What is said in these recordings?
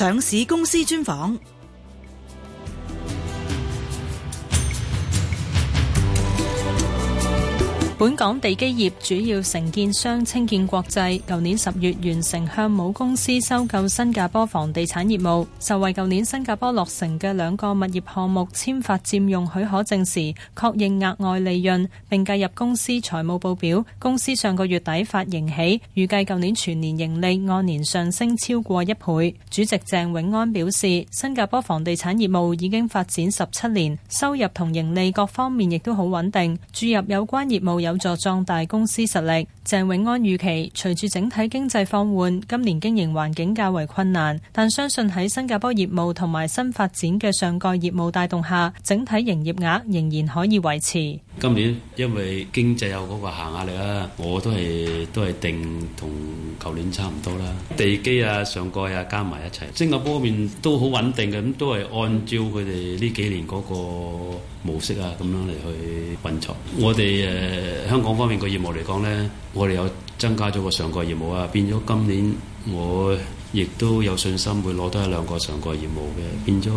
上市公司專訪。本港地基業主要承建商青建國際舊年十月完成向母公司收購新加坡房地產業務，受惠舊年新加坡落成嘅兩個物業項目簽發占用許可證時確認額外利潤，並計入公司財務報表。公司上個月底發盈喜，預計舊年全年盈利按年上升超過一倍。主席鄭永安表示，新加坡房地產業務已經發展十七年，收入同盈利各方面亦都好穩定，注入有關業務。有。有助壯大公司實力。鄭永安預期，隨住整體經濟放緩，今年經營環境較為困難，但相信喺新加坡業務同埋新發展嘅上蓋業務帶動下，整體營業額仍然可以維持。今年因為經濟有嗰個下行壓力啦、啊，我都係都係定同舊年差唔多啦。地基啊、上蓋啊加埋一齊，新加坡嗰邊都好穩定嘅，咁都係按照佢哋呢幾年嗰個模式啊，咁樣嚟去運作。我哋誒。呃香港方面嘅業務嚟講咧，我哋有增加咗個，個上蓋業務啊，變咗今年我亦都有信心會攞多一兩個上蓋業務嘅，變咗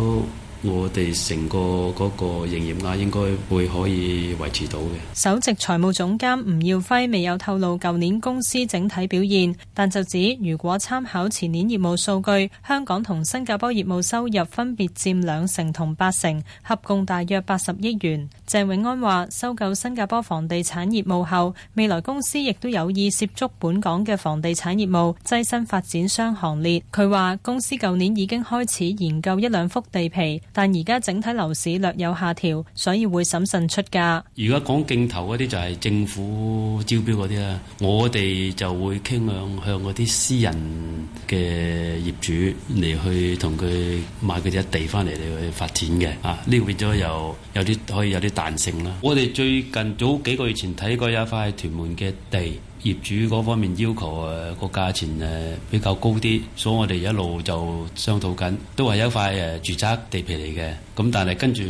我哋成個嗰個營業額應該會可以維持到嘅。首席財務總監吳耀輝未有透露舊年公司整體表現，但就指如果參考前年業務數據，香港同新加坡業務收入分別占兩成同八成，合共大約八十億元。鄭永安話：收購新加坡房地產業務後，未來公司亦都有意涉足本港嘅房地產業務，躋身發展商行列。佢話公司舊年已經開始研究一兩幅地皮，但而家整體樓市略有下調，所以會審慎出價。如果講競投嗰啲就係政府招標嗰啲啦，我哋就會傾向向嗰啲私人嘅業主嚟去同佢買佢哋一地翻嚟嚟去發展嘅。啊，呢個變咗又有啲可以有啲。彈性啦！我哋最近早幾個月前睇過有一塊屯門嘅地。業主嗰方面要求誒個價錢誒比較高啲，所以我哋一路就商討緊都係一塊誒住宅地皮嚟嘅。咁但係跟住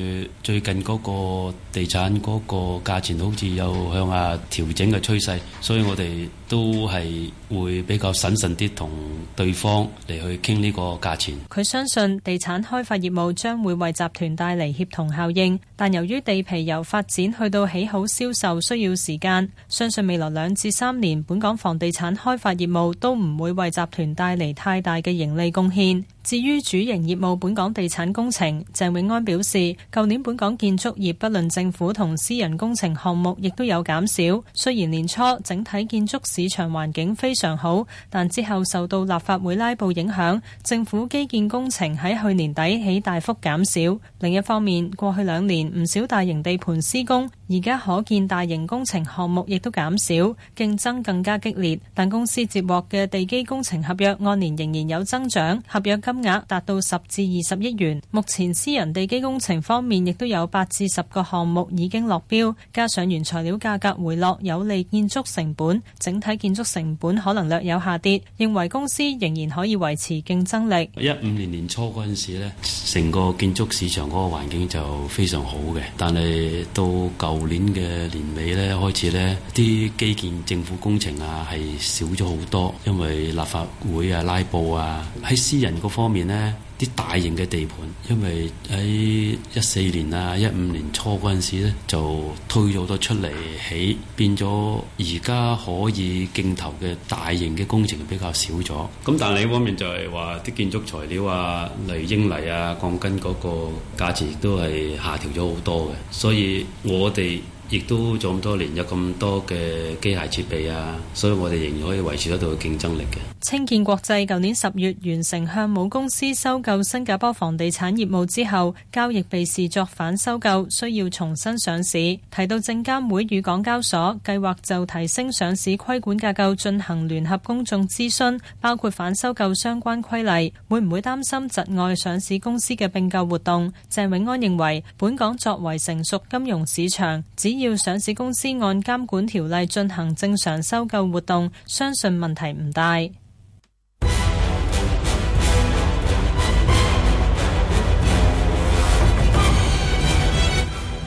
最近嗰個地產嗰個價錢好似有向下調整嘅趨勢，所以我哋都係會比較審慎啲同對方嚟去傾呢個價錢。佢相信地產開發業務將會為集團帶嚟協同效應，但由於地皮由發展去到起好銷售需要時間，相信未來兩至三。連本港房地產開發業務都唔會為集團帶嚟太大嘅盈利貢獻。至於主營業務本港地產工程，鄭永安表示，舊年本港建築業不論政府同私人工程項目亦都有減少。雖然年初整體建築市場環境非常好，但之後受到立法會拉布影響，政府基建工程喺去年底起大幅減少。另一方面，過去兩年唔少大型地盤施工，而家可見大型工程項目亦都減少，競爭更加激烈。但公司接獲嘅地基工程合約按年仍然有增長，合約金。金額達到十至二十億元。目前私人地基工程方面亦都有八至十個項目已經落標，加上原材料價格回落，有利建築成本，整體建築成本可能略有下跌。認為公司仍然可以維持競爭力。一五年年初嗰陣時呢，成個建築市場嗰個環境就非常好嘅，但係到舊年嘅年尾呢，開始呢啲基建政府工程啊係少咗好多，因為立法會啊拉布啊，喺私人個方。方面呢啲大型嘅地盤，因為喺一四年啊、一五年初嗰陣時咧，就推咗咗出嚟起，變咗而家可以競投嘅大型嘅工程比較少咗。咁、嗯、但係另一方面就係話啲建築材料啊，例如英泥啊、鋼筋嗰個價錢亦都係下調咗好多嘅，所以我哋。亦都做咁多年，有咁多嘅機械設備啊，所以我哋仍然可以維持得到競爭力嘅。青建國際舊年十月完成向母公司收購新加坡房地產業務之後，交易被視作反收購，需要重新上市。提到證監會與港交所計劃就提升上市規管架構進行聯合公眾諮詢，包括反收購相關規例，會唔會擔心窒礙上市公司嘅併購活動？鄭永安認為，本港作為成熟金融市場只要要上市公司按監管條例進行正常收購活動，相信問題唔大。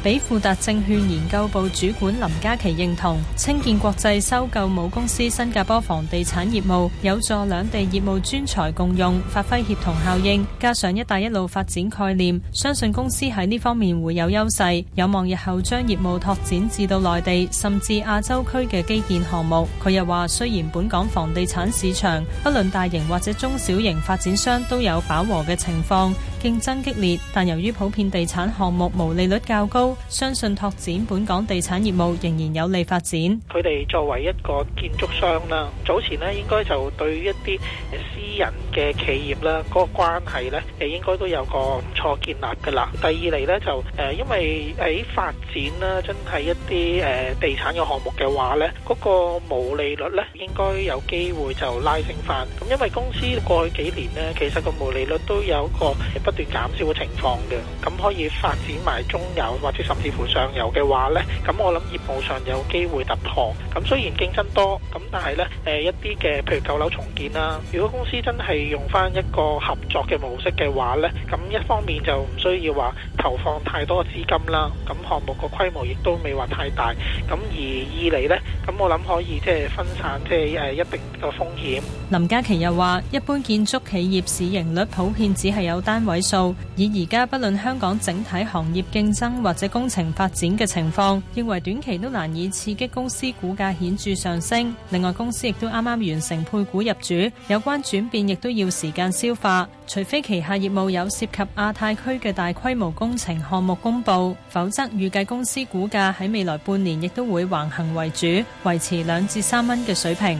比富達證券研究部主管林嘉琪認同，青建國際收購母公司新加坡房地產業務，有助兩地業務專才共用，發揮協同效應。加上一帶一路發展概念，相信公司喺呢方面會有優勢，有望日後將業務拓展至到內地甚至亞洲區嘅基建項目。佢又話，雖然本港房地產市場不論大型或者中小型發展商都有飽和嘅情況。競爭激烈，但由於普遍地產項目毛利率較高，相信拓展本港地產業務仍然有利發展。佢哋作為一個建築商啦，早前咧應該就對一啲私人嘅企業啦，嗰個關係咧，誒，應該都有個唔錯建立噶啦。第二嚟咧就，誒，因為喺發展啦，真係一啲誒地產嘅項目嘅話咧，嗰個毛利率咧，應該有機會就拉升翻。咁因為公司過去幾年咧，其實個毛利率都有個不斷減少嘅情況嘅。咁可以發展埋中游或者甚至乎上游嘅話咧，咁我諗業務上有機會突破。咁雖然競爭多，咁但係咧，誒一啲嘅譬如舊樓重建啦，如果公司，真係用翻一個合作嘅模式嘅話呢，咁一方面就唔需要話投放太多資金啦，咁項目個規模亦都未話太大。咁而二嚟呢，咁我諗可以即係分散，即係一定個風險。林嘉琪又話：一般建築企業市盈率普遍只係有單位數，以而家不論香港整體行業競爭或者工程發展嘅情況，認為短期都難以刺激公司股價顯著上升。另外，公司亦都啱啱完成配股入主，有關轉變。亦都要時間消化，除非旗下業務有涉及亞太區嘅大規模工程項目公佈，否則預計公司股價喺未來半年亦都會橫行為主，維持兩至三蚊嘅水平。